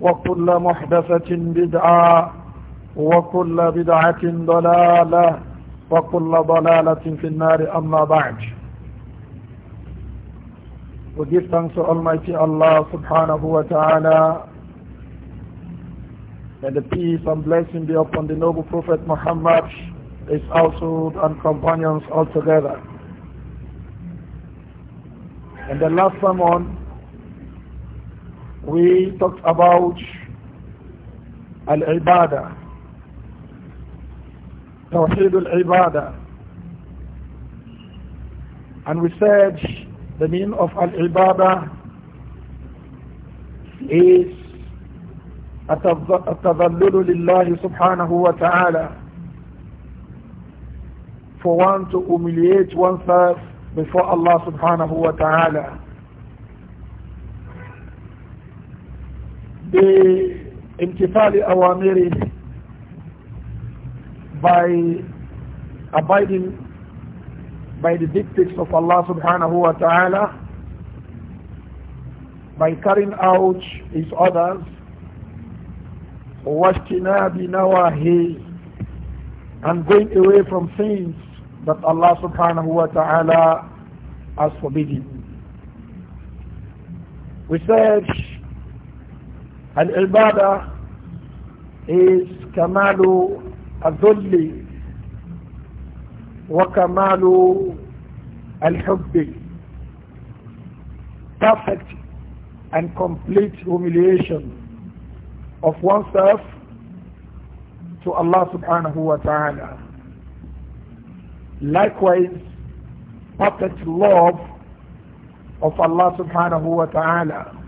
وكل محدثة بدعة وكل بدعة ضلالة وكل ضلالة في النار أما بعد We give thanks to Almighty Allah subhanahu wa ta'ala and the peace and blessing be upon the noble Prophet Muhammad, his household and companions altogether. And the last sermon we talked about al ibada tawheed al ibada and we said the meaning of al ibada is at التذلل subhanahu wa taala, for one to humiliate oneself before Allah subhanahu wa ta'ala بامتثال أوامره by abiding by the dictates of Allah subhanahu wa ta'ala by carrying out his orders our نَوَاهِيهِ and going away from things that Allah subhanahu wa ta'ala has forbidden. We said al bada is Kamalu al wa Kamalu Al-Hubbi perfect and complete humiliation of oneself to Allah subhanahu wa ta'ala. Likewise, perfect love of Allah subhanahu wa ta'ala.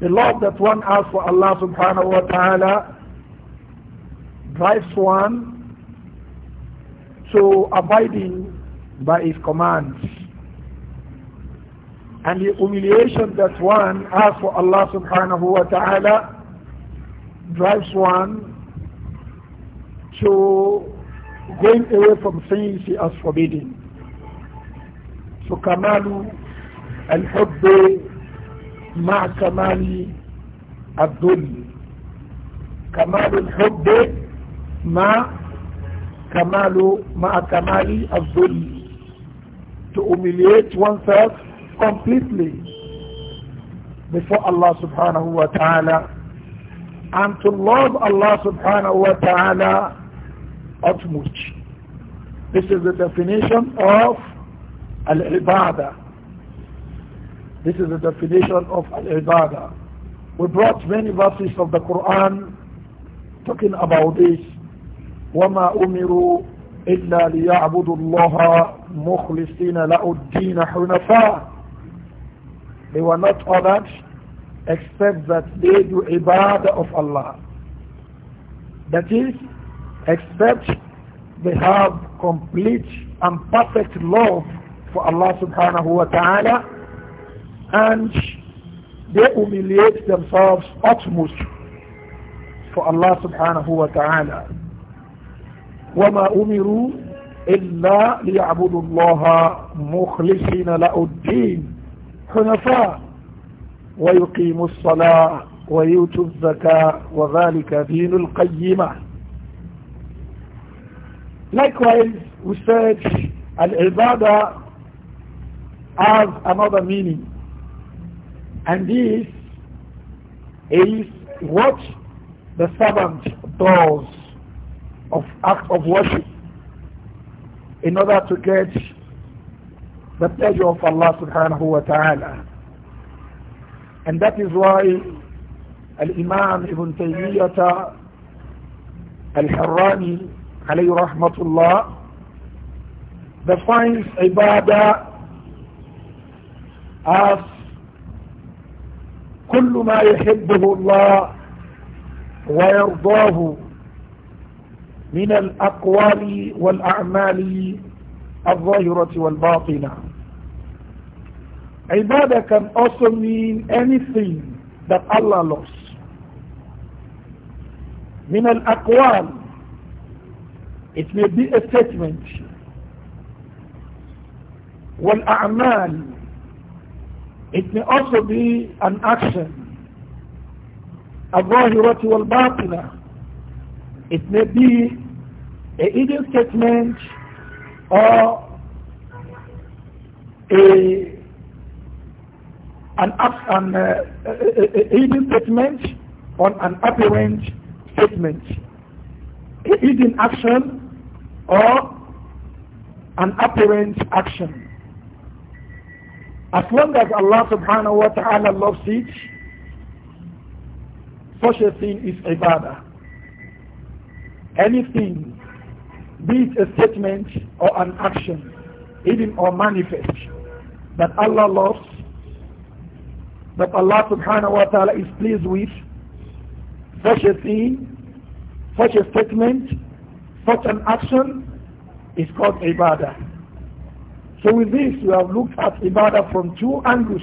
The love that one has for Allah subhanahu wa ta'ala drives one to abiding by His commands. And the humiliation that one has for Allah subhanahu wa ta'ala drives one to going away from things he has forbidden. So Kamalu al-Hubbi مع كمال الذل كمال الحب مع كمال مع كمال الذل to humiliate oneself completely before Allah subhanahu wa ta'ala and to love Allah subhanahu wa ta'ala utmost. This is the definition of al-ibadah this is the definition of al-ibadah. We brought many verses of the Quran talking about this. وَمَا أُمِرُوا إِلَّا لِيَعْبُدُوا اللَّهَ مُخْلِصِينَ لَأُ الدِّينَ حُنَفَاءَ They were not ordered except that they do ibadah of Allah. That is, except they have complete and perfect love for Allah subhanahu wa ta'ala and they humiliate themselves utmost for Allah subhanahu wa ta'ala. وَمَا أُمِرُوا إِلَّا لِيَعْبُدُوا اللَّهَ مُخْلِصِينَ لَأُ الدِّينَ حنفاء ويقيموا الصلاة ويؤتوا الزَّكَاءِ وذلك دين القيمة Likewise, we said al-ibadah has another meaning. And this is what the servant does of act of worship in order to get the pleasure of Allah subhanahu wa ta'ala. And that is why Al-Imam Ibn Taymiyyah Al-Harrani alayhi rahmatullah defines ibadah as كل ما يحبه الله ويرضاه من الأقوال والأعمال الظاهرة والباطنة عبادة can also mean anything that Allah loves من الأقوال it may be a statement والأعمال It may also be an action. wal والباطنة It may be a hidden statement or a an, an uh, statement or an apparent statement, a hidden action or an apparent action. As long as Allah subhanahu wa ta'ala loves it, such a thing is ibadah. Anything, be it a statement or an action, hidden or manifest, that Allah loves, that Allah subhanahu wa ta'ala is pleased with, such a thing, such a statement, such an action is called ibadah. So with this, we have looked at Ibadah from two angles.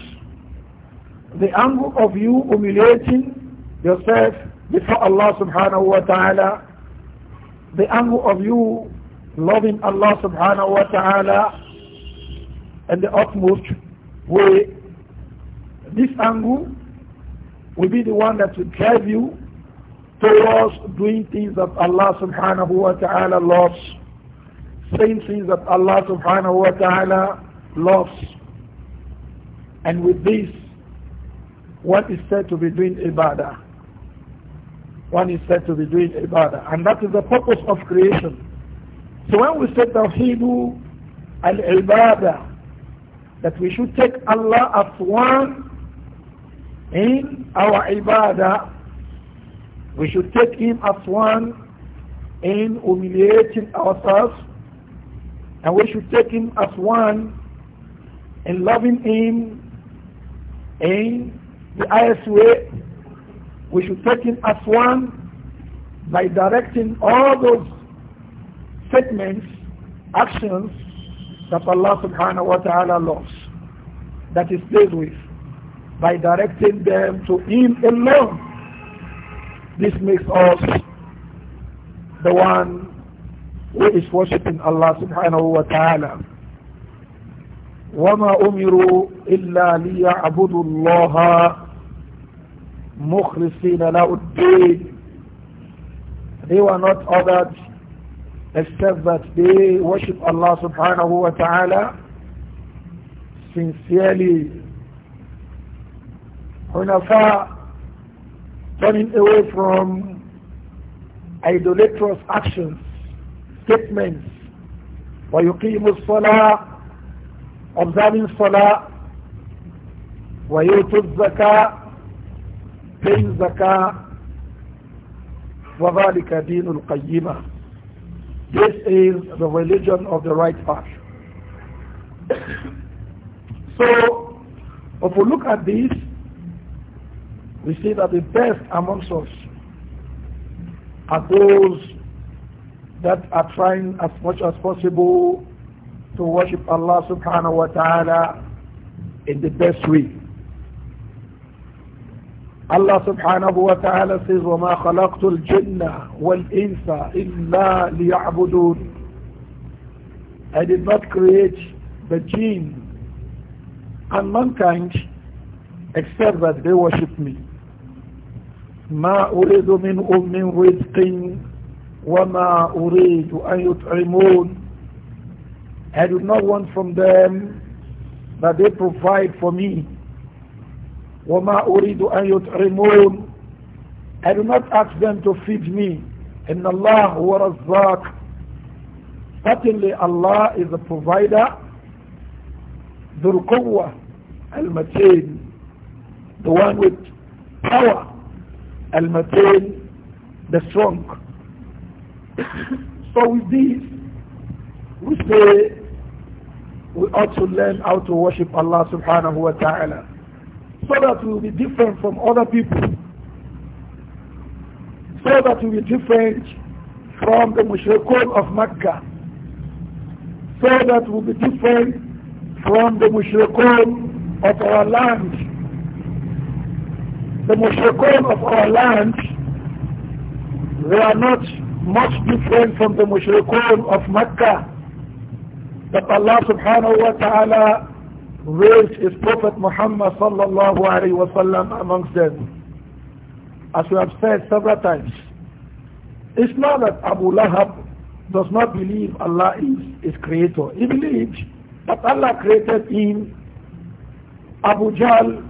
The angle of you humiliating yourself before Allah subhanahu wa ta'ala. The angle of you loving Allah subhanahu wa ta'ala and the utmost way. This angle will be the one that will drive you towards doing things that Allah subhanahu wa ta'ala loves saying things that Allah subhanahu wa ta'ala loves. And with this, one is said to be doing ibadah. One is said to be doing ibadah. And that is the purpose of creation. So when we say tawheedu al-ibadah, that we should take Allah as one in our ibadah, we should take Him as one in humiliating ourselves and we should take him as one and loving him in the highest way. We should take him as one by directing all those statements, actions that Allah subhanahu wa ta'ala loves, that is pleased with, by directing them to Him alone. This makes us the one who is worshipping Allah subhanahu wa ta'ala. وما أمروا إلا ليعبدوا الله مخلصين له الدين They were not ordered except that they worship Allah subhanahu wa ta'ala sincerely. Hunafa turning away from idolatrous actions statements ويقيم الصلاة observing الصلاة. ويؤتي الزكاة paying زكاة وذلك دين القيمة This is the religion of the right path. so, if we look at this, we see that the best amongst us are those that are trying as much as possible to worship Allah subhanahu wa ta'ala in the best way. Allah subhanahu wa ta'ala says, وَمَا خَلَقْتُ الْجِنَّ وَالْإِنسَ إِلَّا لِيَعْبُدُونَ I did not create the jinn and mankind except that they worship me. مَا أُرِدُ مِنْ أُمِّنْ رِزْقٍ وَمَا أُرِيدُ أَن يُطْعِمُونَ I do not want from them that they provide for me. وَمَا أُرِيدُ أَن يُطْعِمُونَ I do not ask them to feed me. إِنَّ اللَّهُ وَرَزَّاقُ Certainly Allah is the provider, ذُو الْقُوَّةِ المتين the one with power المتين the strong so with this, we say we ought to learn how to worship Allah subhanahu wa ta'ala so that we will be different from other people so that we will be different from the mushrikun of Mecca so that we will be different from the mushrikun of our land the mushrikun of our land they are not much different from the mushrikun of Mecca that Allah subhanahu wa ta'ala raised his Prophet Muhammad sallallahu alayhi wa sallam amongst them. As we have said several times, it's not that Abu Lahab does not believe Allah is his creator. He believes that Allah created him. Abu Jal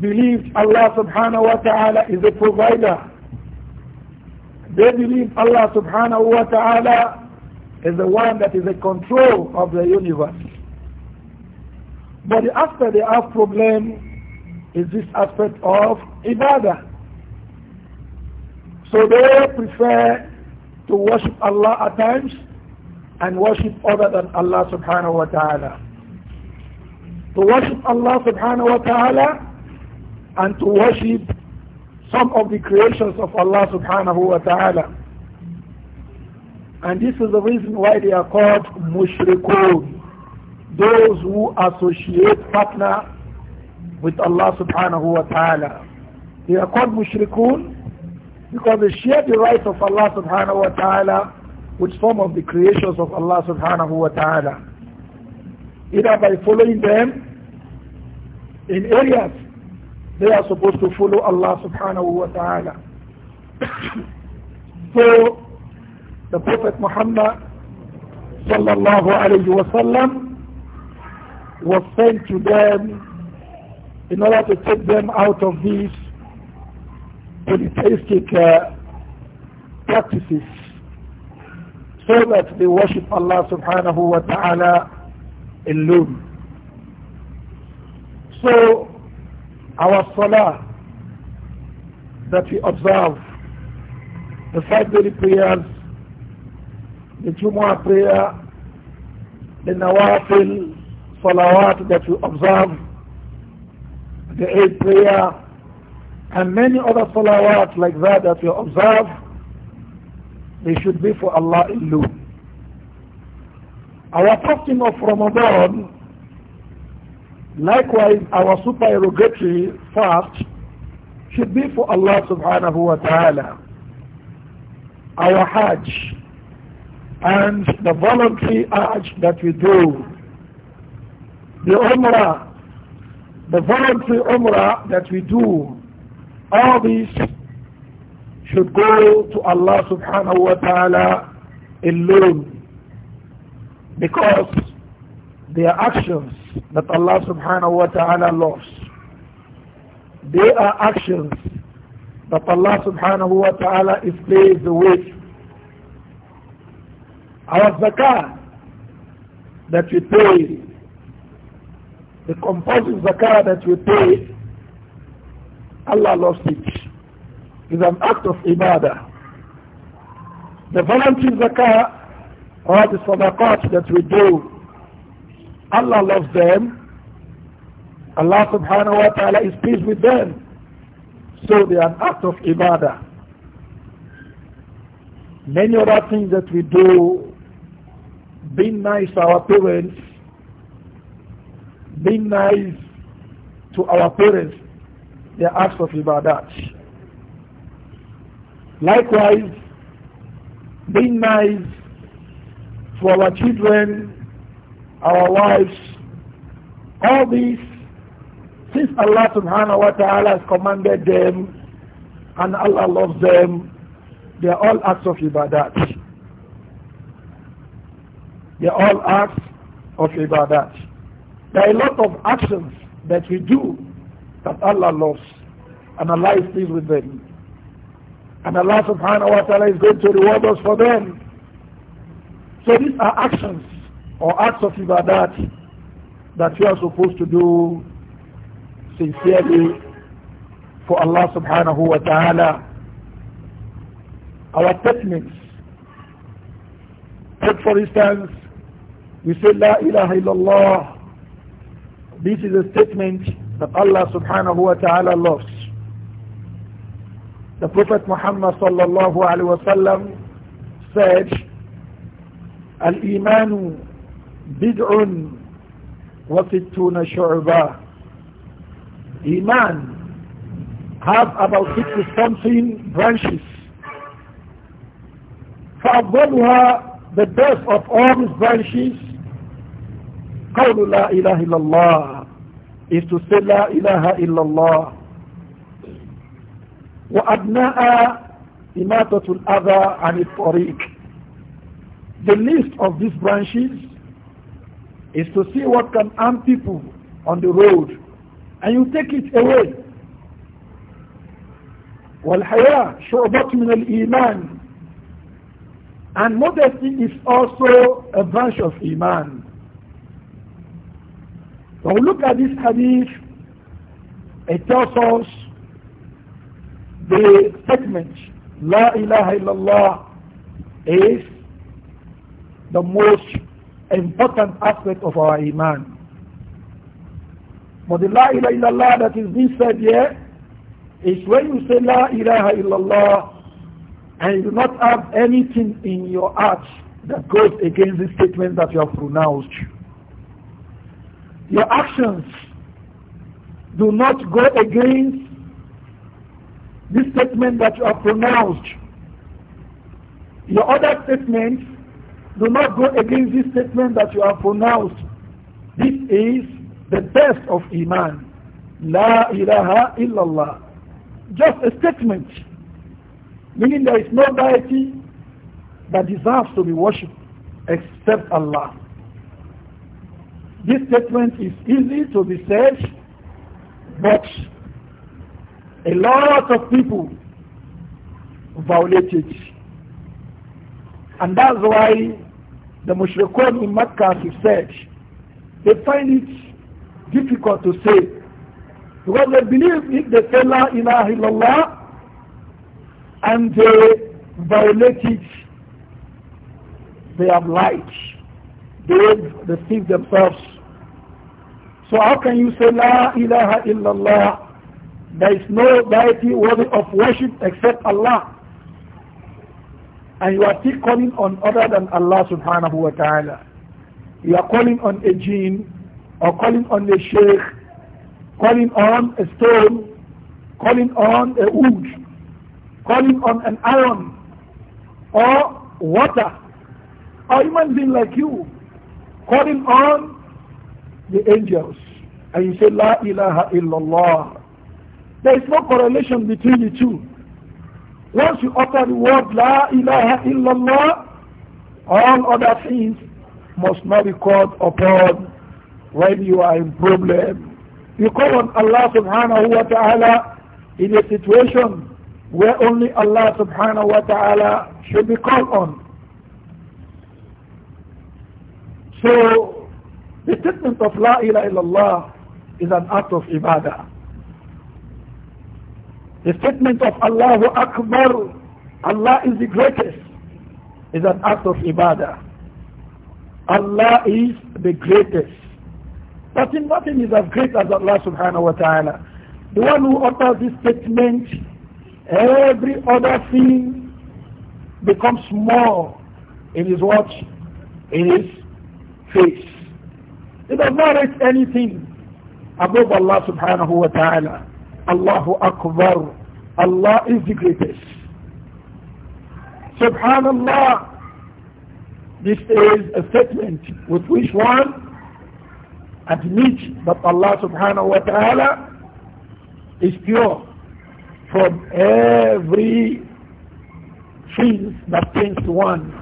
believed Allah subhanahu wa ta'ala is a provider. They believe Allah subhanahu wa ta'ala is the one that is in control of the universe. But after they have problem is this aspect of ibadah. So they prefer to worship Allah at times and worship other than Allah subhanahu wa ta'ala. To worship Allah subhanahu wa ta'ala and to worship some of the creations of Allah subhanahu wa ta'ala. And this is the reason why they are called mushrikun, those who associate partner with Allah subhanahu wa ta'ala. They are called mushrikun because they share the rights of Allah subhanahu wa ta'ala with some of the creations of Allah subhanahu wa ta'ala. Either by following them in areas they are supposed to follow Allah subhanahu wa ta'ala. so the Prophet Muhammad sallallahu alayhi wa sallam was sent to them in order to take them out of these polytheistic uh, practices so that they worship Allah subhanahu wa ta'ala alone. So our salah that we observe, the five daily prayers, the Jumu'ah prayer, the Nawafil, salawat that we observe, the Eid prayer, and many other salawat like that that we observe, they should be for Allah alone. Our fasting of Ramadan Likewise, our supererogatory fast should be for Allah subhanahu wa ta'ala. Our Hajj and the voluntary Hajj that we do. The Umrah, the voluntary Umrah that we do. All these should go to Allah subhanahu wa ta'ala alone because their actions that Allah subhanahu wa ta'ala loves. They are actions that Allah subhanahu wa ta'ala is pleased with. Our zakah that we pay, the compulsory zakah that we pay, Allah loves it. It's an act of ibadah. The voluntary zakah or the sadaqat that we do Allah loves them. Allah subhanahu wa ta'ala is pleased with them. So they are an act of ibadah. Many other things that we do, being nice to our parents, being nice to our parents, they are acts of ibadah. Likewise, being nice to our children, our wives. All these, since Allah subhanahu wa ta'ala has commanded them and Allah loves them, they are all acts of ibadat. They are all acts of ibadat. There are a lot of actions that we do that Allah loves and Allah is pleased with them. And Allah subhanahu wa ta'ala is going to reward us for them. So these are actions or acts of ibadat that you are supposed to do sincerely for Allah subhanahu wa ta'ala. Our techniques. Take for instance, we say La ilaha illallah. This is a statement that Allah subhanahu wa ta'ala loves. The Prophet Muhammad sallallahu alayhi wa sallam said, Al-Imanu بدع وستون شعبة Iman have about 60 something branches فأفضلها the best of all these branches قول لا إله إلا الله is to say لا إله إلا الله وأبناء إماتة الأذى عن الطريق the list of these branches is to see what can harm people on the road and you take it away. والحياة شعبة من iman, and modesty is also a branch of Iman. When we look at this hadith, it tells us the statement, La ilaha illallah is the most important aspect of our iman. But the la ilaha illallah that is being said here is when you say la ilaha illallah and you do not have anything in your heart that goes against the statement that you have pronounced. Your actions do not go against this statement that you have pronounced. Your other statements do not go against this statement that you have pronounced. This is the test of Iman. La ilaha illallah. Just a statement, meaning there is no deity that deserves to be worshipped except Allah. This statement is easy to be said, but a lot of people violate it. And that's why the Mushrikun in Makkah, he said, they find it difficult to say. Because they believe if they say La ilaha illallah and they violate it, they have lied. They deceive deceived themselves. So how can you say La ilaha illallah? There is no deity worthy of worship except Allah and you are still calling on other than Allah subhanahu wa ta'ala. You are calling on a jinn or calling on a sheikh, calling on a stone, calling on a wood, calling on an iron or water or human being like you, calling on the angels. And you say, La ilaha illallah. There is no correlation between the two. Once you utter the word La ilaha illallah, all other things must not be called upon when you are in problem. You call on Allah subhanahu wa ta'ala in a situation where only Allah subhanahu wa ta'ala should be called on. So the statement of La ilaha illallah is an act of ibadah. The statement of Allahu Akbar, Allah is the greatest, is an act of ibadah. Allah is the greatest. But in nothing is as great as Allah subhanahu wa ta'ala. The one who utters this statement, every other thing becomes small in his watch, in his face. It does not raise anything above Allah subhanahu wa ta'ala. Allahu Akbar. Allah is the greatest. Subhanallah. This is a statement with which one admits that Allah subhanahu wa ta'ala is pure from every thing that things one.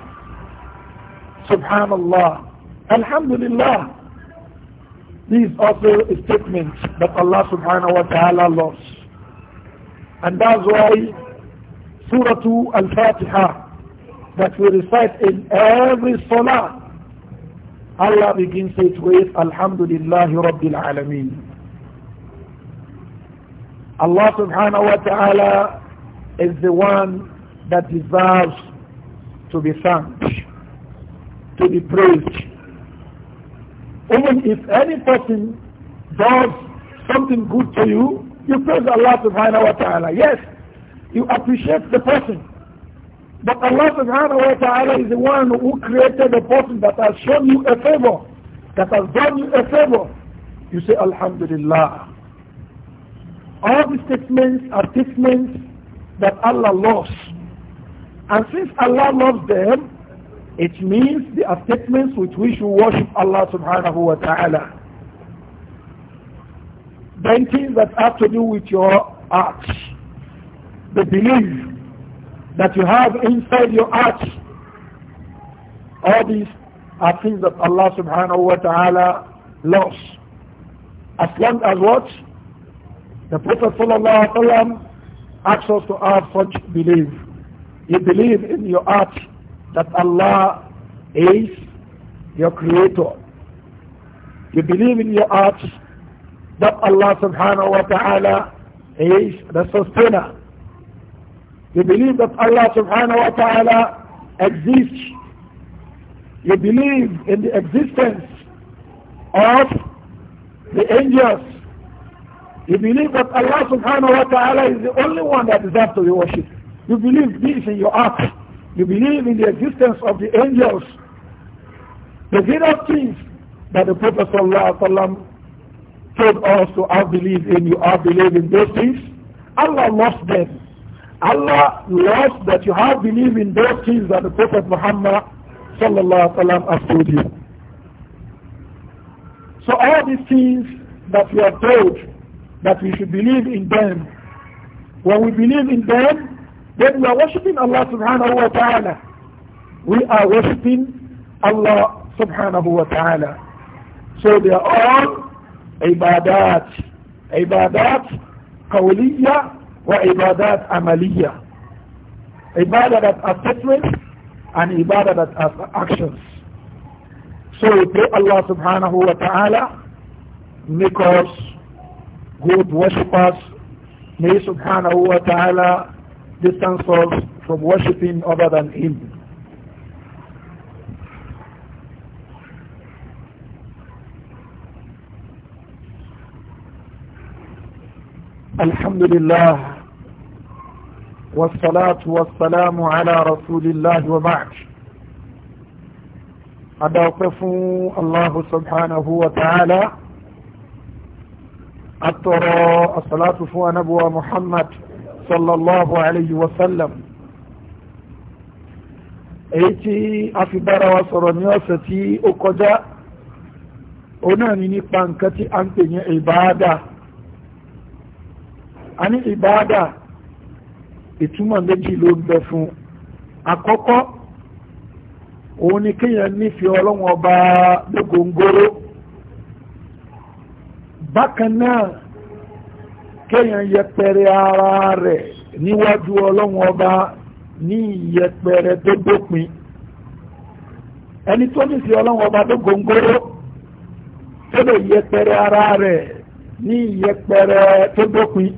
Subhanallah. Alhamdulillah. These are the statements that Allah subhanahu wa ta'ala loves. And that's why Surah Al-Fatiha that we recite in every salah, Allah begins it with Alhamdulillah Rabbil Alameen. Allah subhanahu wa ta'ala is the one that deserves to be thanked, to be praised. Even if any person does something good to you, you praise Allah subhanahu wa ta'ala. Yes, you appreciate the person. But Allah subhanahu wa ta'ala is the one who created the person that has shown you a favor, that has done you a favor. You say, Alhamdulillah. All these statements are statements that Allah loves. And since Allah loves them, it means the statements which we should worship Allah subhanahu wa ta'ala. Then things that have to do with your heart. The belief that you have inside your heart. All these are things that Allah subhanahu wa ta'ala loves. As long as what? The Prophet sallallahu alayhi wa sallam asks us to have such belief. You believe in your heart that Allah is your creator. You believe in your heart that Allah subhanahu wa ta'ala is the sustainer. You believe that Allah subhanahu wa ta'ala exists. You believe in the existence of the angels. You believe that Allah subhanahu wa ta'ala is the only one that deserves to be worshipped. You believe this in your heart. You believe in the existence of the angels, the various things that the Prophet told us to have believe in. You have believe in those things. Allah loves them. Allah loves that you have believe in those things that the Prophet Muhammad ﷺ has told you. So all these things that we are told that we should believe in them, when we believe in them, then we are worshipping Allah subhanahu wa ta'ala. We are worshipping Allah subhanahu wa ta'ala. So they are all ibadat. Ibadat qawliya wa ibadat amaliya. Ibadat that are statements and ibadat that are actions. So we pray Allah subhanahu wa ta'ala make us good worshippers. May subhanahu wa ta'ala distance us from worshipping other than him. الحمد لله والصلاة والسلام على رسول الله وبعد أدوقف الله سبحانه وتعالى أترى الصلاة فوى نبوى محمد صلى الله عليه وسلم èyí tí a fi bára wa sọ̀rọ̀ ní ọ̀sẹ̀ tí ó kọjá ó náà ní nípa nǹkan tí a ń pè ní ìbáadà a ní ìbáadà ìtumọ̀ méjì ló ń bẹ fún àkọ́kọ́ òun ni kéèyàn nífẹ̀ẹ́ ọlọ́wọ́n ọba lógóńgóró bákan náà kéèyàn yẹpẹrẹ ara rẹ̀ níwájú ọlọ́run ọba ní ìyẹpẹrẹ tó dópin ẹni tó ní sí ọlọ́run ọba tó góńgóró tó lè yẹpẹrẹ ara rẹ̀ ní ìyẹpẹrẹ tó dópin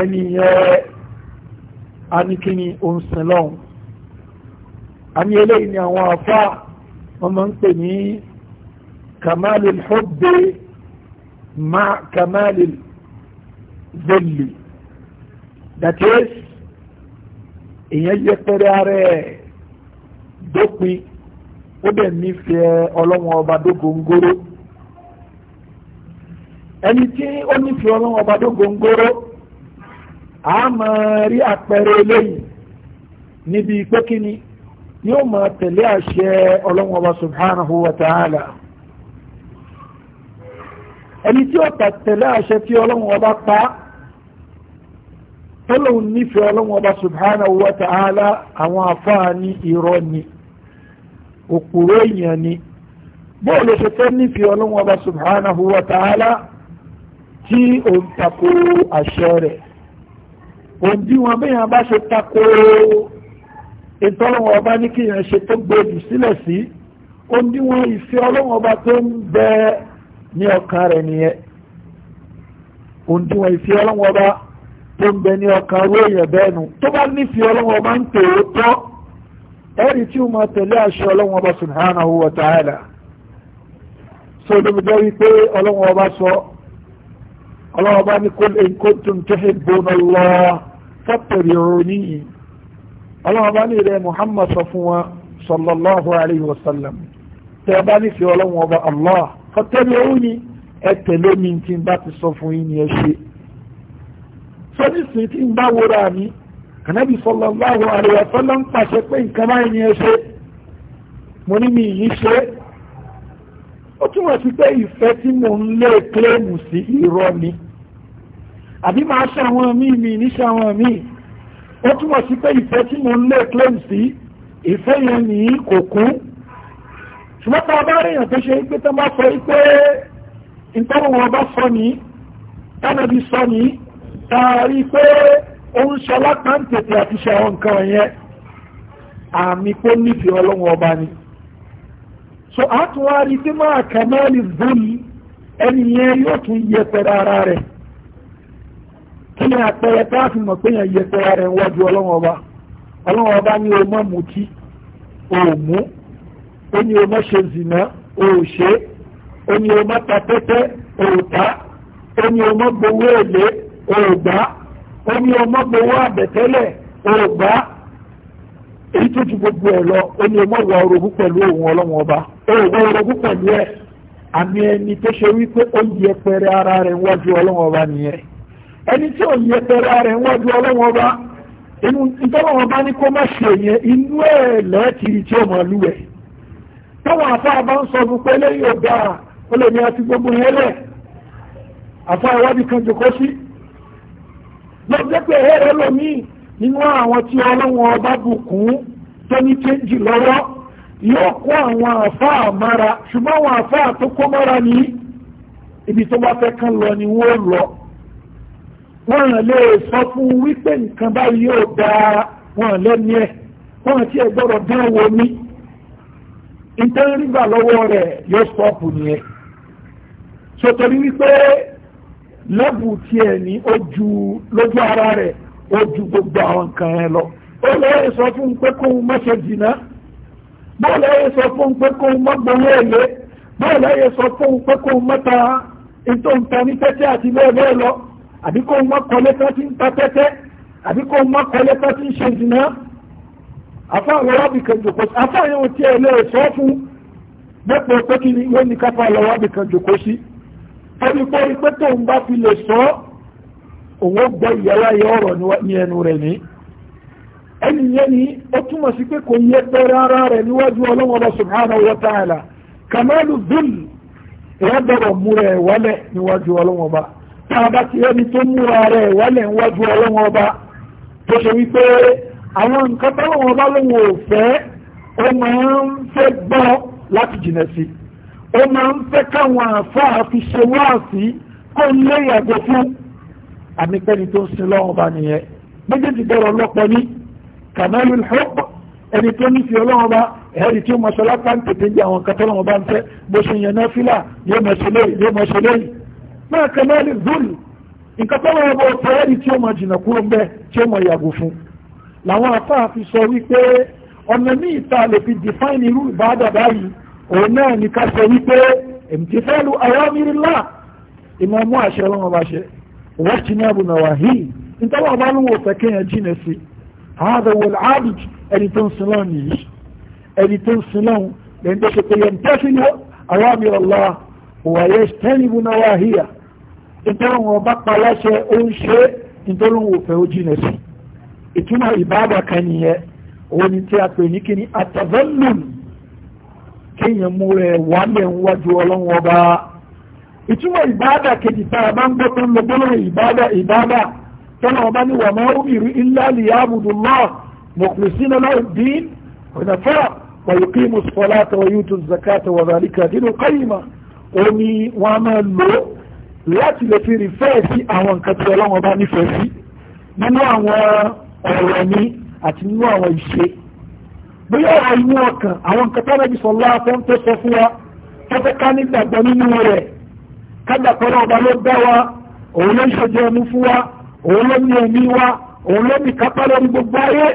ẹni yẹn anikini òǹsìn àmì eléyìí ni àwọn àfáà wọ́n ń pè ní kamalul hubbi مع كمال الذل that is ìyẹn jẹ́ pẹ̀rẹ̀ ara ẹ̀ dópin ó dẹ̀ ọlọ́wọ́n ọba dógóńgóró ẹni tí ó nífẹ̀ẹ́ ọlọ́wọ́n ọba dógóńgóró a máa rí àpẹẹrẹ eléyìí níbi yóò máa tẹ̀lé àṣẹ ọba subhanahu wa ta'ala. ẹni tí ó tẹ̀lé àṣẹ tí ọlọ́run ọba pa tọ́lọ́run nífẹ̀ẹ́ ọlọ́run ọba subhanahu wa ta'ala àwọn afáà ní irọ́ ni òpùrọ́ èèyàn ni bóòlù ṣe fẹ́ nífẹ̀ẹ́ ọlọ́run ọba subhanahu wa ta'ala tí ó ń tako àṣẹ rẹ̀ òǹdí ní ọkàn rẹ̀ nìyẹn ohun tí wọ́n fi ọlọ́wọ́ ọba tó ń bẹ ní ọkàn owó èèyàn bẹ́ẹ̀ nu tó bá nífẹ̀ẹ́ ọlọ́wọ́ ọba ń tè ó tọ́ ẹ̀rí tí ó máa tẹ̀lé àṣẹ ọlọ́wọ́ ọba subhanahu wa ta'ala so lóbi jẹ́ wípé ọlọ́wọ́ ọba sọ ọlọ́wọ́ ọba ní qul in kuntum tuhibbuna Allah fattabi'uni yìí ọlọ́wọ́ ọba ní Muhammad sọ fún wa sallallahu alayhi wa sallam tẹ́ ọba nífẹ̀ẹ́ ọlọ́wọ́ ọba Allah fọ́tẹ́lẹ̀ ó ní ẹ̀tẹ̀ lómi tí n bá ti sọ fún yín ni ẹ ṣe sọ nísìnyí tí n bá wúra mi ànábì sallallahu alaihi wasallam ń pàṣẹ pé nǹkan báyìí ni ẹ ṣe mo ní mi yìí ṣe ó túmọ̀ sí pé ìfẹ́ tí mò ń lé kílẹ̀mù sí irọ́ mi àbí máa ṣàwọn míì mi ní ṣàwọn míì ó túmọ̀ sí pé ìfẹ́ tí mò ń lé kílẹ̀mù sí ìfẹ́ yẹn nìyí kò kún ṣùgbọ́n tá a rí èèyàn tó ṣe pé tó bá sọ pé ìtọ́rùn wọn bá sọ ní tánàbí sọ ní tààrí pé ó sọ lápán tètè àti ṣe nǹkan yẹn àmì pé ni so a tún wá rí pé máa bóyí ẹni yẹn yóò tún ara rẹ̀ kí ni àpẹẹrẹ a fi mọ̀ pé yẹn ọba ọlọ́run ọba ni o o ó ní o má ṣe zìnà o ò ṣe ó ní o má ta tẹ́tẹ́ o ò ta ó ní o má gbowó èlé o ò gbá ó ní o má gbowó àbẹ̀tẹ́lẹ̀ o ò gbá èyí tó ju gbogbo ẹ̀ lọ ó ní o má wà orogún pẹ̀lú òun ọlọ́wọ́n ọba o ò wá pẹ̀lú ẹ̀ àmì ẹni tó ṣe wípé ó yẹ pẹrẹ ara rẹ̀ wájú ọlọ́wọ́n ọba nìyẹn ẹni tí ò yẹ ara rẹ̀ wájú ọlọ́wọ́n ọba inú ìtọ́lọ́wọ́n bá ní kó má ṣe yẹn inú ẹ̀ lẹ́ẹ̀kiri tí ó mọ̀ lúwẹ̀ẹ́ táwọn àfáà bá ń sọ fún pé lẹ́yìn ọ̀gá ó lè ní àti gbogbo yẹn lẹ̀ àfáà ìwádìí kan jòkó sí lọ́jọ́ pé ẹ̀rẹ́ lómii nínú àwọn tí ọlọ́wọ́n ọba bùkún tó ní lọ́wọ́ yóò kó àwọn àfáà mára ṣùgbọ́n àwọn àfáà tó kó mára ní ibi tó bá fẹ́ kán lọ ni wọ́n lọ wọ́n lè sọ fún wípé nǹkan báyìí yóò dáa wọ́n lẹ́ni ẹ̀ wọ́n ti ẹ̀ gbọ́dọ̀ dán wo ní nítorí nígbà lọ́wọ́ rẹ̀ yóò stọ́ọ̀pù nìyẹn sotori wípé lẹ́bù tiẹ̀ ní ojú lójú ara rẹ̀ ojú gbogbo àwọn nǹkan rẹ̀ lọ ó lóye sọ fún un pé kóun má ṣe dìná bó lóye sọ fún un pé kóun má gbowó èlé bó lóye sọ fún un pé kóun má ètò nǹkan ní tẹ́tẹ́ àti bẹ́ẹ̀ bẹ́ẹ̀ lọ àbí kóun má kọ́lé tó ti ń ta tẹ́tẹ́ àbí kóun má kọ́lé tó ti ń ṣe dìná. afọ àwọn wábì kan jòkó sí afá yẹn tí ẹ lọ sọ fún dépò pé ni wọ́n ní káfá lọ wábì kan jòkó sí torí pé ipé tóun bá fi lè sọ òun ó yẹ ní ẹnu ni ó túmọ̀ sí pé kò yẹ rárá níwájú lọ múra ẹ̀ wálẹ̀ níwájú a ti ẹni tó múra rẹ̀ wálẹ̀ níwájú àwọn nǹkan tọ́lọ́wọ́ bá lóun ò fẹ́ ó máa ń fẹ́ gbọ́ láti jìnà sí ó máa ń fẹ́ káwọn àfáà àfi ṣe wáàsí kó lé yàgò fún àmìpẹ́ni tó ń sin lọ́wọ́ bá nìyẹn méjèèjì ní kàmẹ́lú ìhọ́pọ̀ ẹni tó ní fi ọlọ́wọ́ bá ẹ̀rí tí ó ń tètè àwọn bá ń fẹ́ bó ṣe yẹn náà fílà yóò lẹ́yìn yóò máa làwọn afáà fi sọ wípé ọ̀nà ní ìta lè fi define irú ìbáàdà báyìí òun náà ní ká sọ wípé ìmùtífẹ́lu awámírínlá ìmọ̀ mú àṣẹ ọlọ́run ọba ṣe wọ́ọ̀tì ní abùnà wàhíì nítorí ọba ló ń wò fẹ́ kéèyàn jìnà sí ààrẹ wọ̀l áàdì ẹni tó ń sin lọ́n nìyí ẹni tó ń sin lọ́n lẹ́yìn tó ṣe pé yẹn tẹ́sílú awámírínlá wàyẹ tẹ́nibùnà wàhíà nítorí ọba pa láṣẹ ó ń ṣe nítorí wò fẹ́ ó jìnà sí ìtumọ̀ ìbáàdà kan nìyẹn òun ni tí a pè ní kíni àtàzọ́lùm kéèyàn mú rẹ̀ wálẹ̀ wájú ọlọ́run ọba ìtumọ̀ ìbáàdà kejì tá a bá ń gbọ́ tó ń lọ gbọ́lọ́rọ̀ ìbáàdà ìbáàdà tọ́lá ọba ní wàmọ́ òmìnirí illa liya'budullah mukhlisina lahu-d-din hunafa wa sí ọ̀rọ̀ ní àti nínú àwọn ìṣe bóyá ọ̀rọ̀ inú ọkàn àwọn nǹkan tó rẹ̀jì sọ̀lá tó ń tó sọ fún wa tó fẹ́ ká ní gbàgbọ́ nínú rẹ̀ kágbà pẹ̀lú ọba ló dá wa òun ló ń ṣojú ẹnu fún wa òun ló ní ẹ̀mí wa òun ló ní kápá lórí gbogbo ayé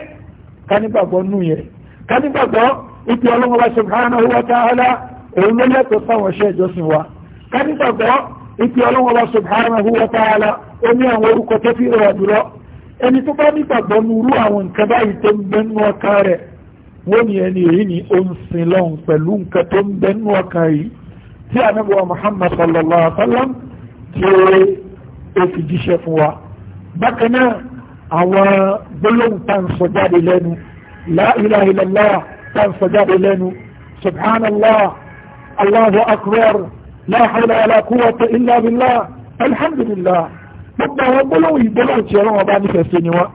ká ní gbàgbọ́ nù yẹn ká ní gbàgbọ́ ipi ọlọ́run wa subhanahu wa ta'ala òun ló ní gbàgbọ́ ẹni tó bá nígbàgbọ́ nurú àwọn nǹkan báyìí tó ń bẹ nínú ọkàn rẹ̀ wọ́n ní ẹni èyí ni ó ń sin lọ́hùn pẹ̀lú nǹkan tó ń bẹ nínú ọkàn yìí tí anábọ̀ Muhammad sallallahu alaihi wa sallam tí ó fi jíṣẹ́ fún wa bákan náà àwọn gbólóhùn tá ń sọ jáde lẹ́nu la ilaha tá ń sọ jáde lẹ́nu subhanallah allahu akbar la hawla wala quwwata alhamdulillah gbogbo àwọn gbólóhùn ìgbólóhùn tí ọlọ́run ọba ní fẹ̀sẹ̀ ni wọ́n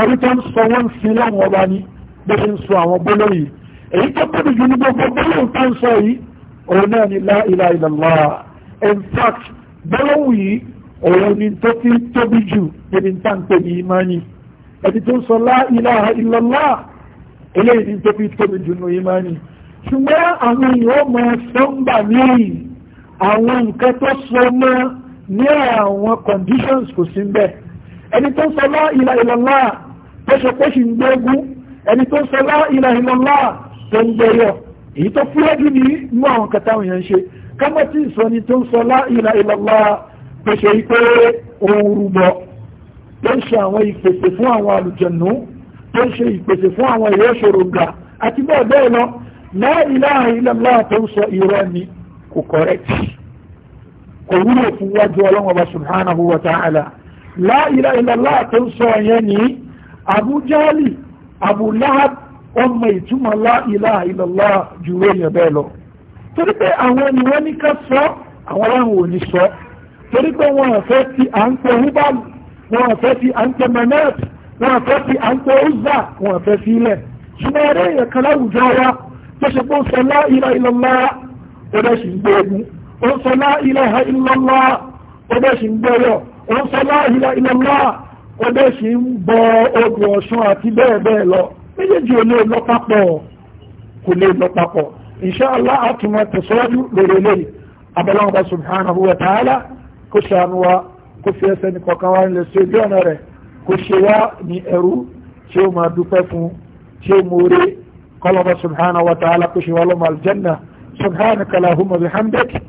ẹ̀rí tó ń sọ wọ́n ń sin láwọn ọba ní bó ṣe ń sọ àwọn gbólóhùn yìí èyí tó tóbi jù ní gbogbo gbólóhùn tó ń sọ yìí òun náà ni la ilaha in fact gbólóhùn yìí òun ni tó ti tóbi jù níbi tá ń pè ní imani ẹni tó ń sọ la ilaha illallah eléyìí ni tó fi tóbi jù ní imani ṣùgbọ́n àwọn èèyàn máa sọ́ńgbà míì àwọn nǹkan tó sọ mọ́ ní àwọn conditions kò sí ń bẹ̀ ẹni tó sọ lá ilà ìlọ́lá tó ń gbẹ́gún ẹni tó sọ tó ń èyí tó fúyẹ́ jù ní inú àwọn kẹta òyìn ṣe ni tó sọ lá ilà ìlọ́lá tó ṣe pé àwọn ìpèsè fún àwọn fún ga àti bẹ́ẹ̀ bẹ́ẹ̀ lọ lá kò wúlò fún wájú ọlọ́wọ́ bá subhanahu wa ta'ala la ilaha illallah tó ń sọ yẹn ní Abu Jali Abu Lahab ọmọ ìtumọ̀ la ilaha illallah ju èèyàn bẹ́ẹ̀ lọ torí pé àwọn ni wọ́n ní ká sọ àwọn aláwọ̀ ò ní sọ torí pé wọn àfẹ́ ti à ń pẹ húbàlù wọn àfẹ́ ti à ń pẹ manat wọn àfẹ́ ti à ń pẹ uzza wọn àfẹ́ fi ilẹ̀ ṣùgbọ́n ẹ̀rẹ́ ìyẹ̀kan ó ń sọ la ilaha illallah ó bẹ́ sì ń gbẹ́yọ̀ ó ń sọ la ilaha illallah ó bẹ́ sì ń bọ odò ọ̀ṣun àti bẹ́ẹ̀ bẹ́ẹ̀ lọ méjèèjì ò lè lọ papọ̀ kò lè lọ papọ̀ insha Allah àtúmọ̀ tẹ̀síwájú lórí eléyìí abẹ́lẹ́wọ̀n subhanahu wa ta'ala kó ṣàánú wa kó fi ẹsẹ̀ nìkan kan wá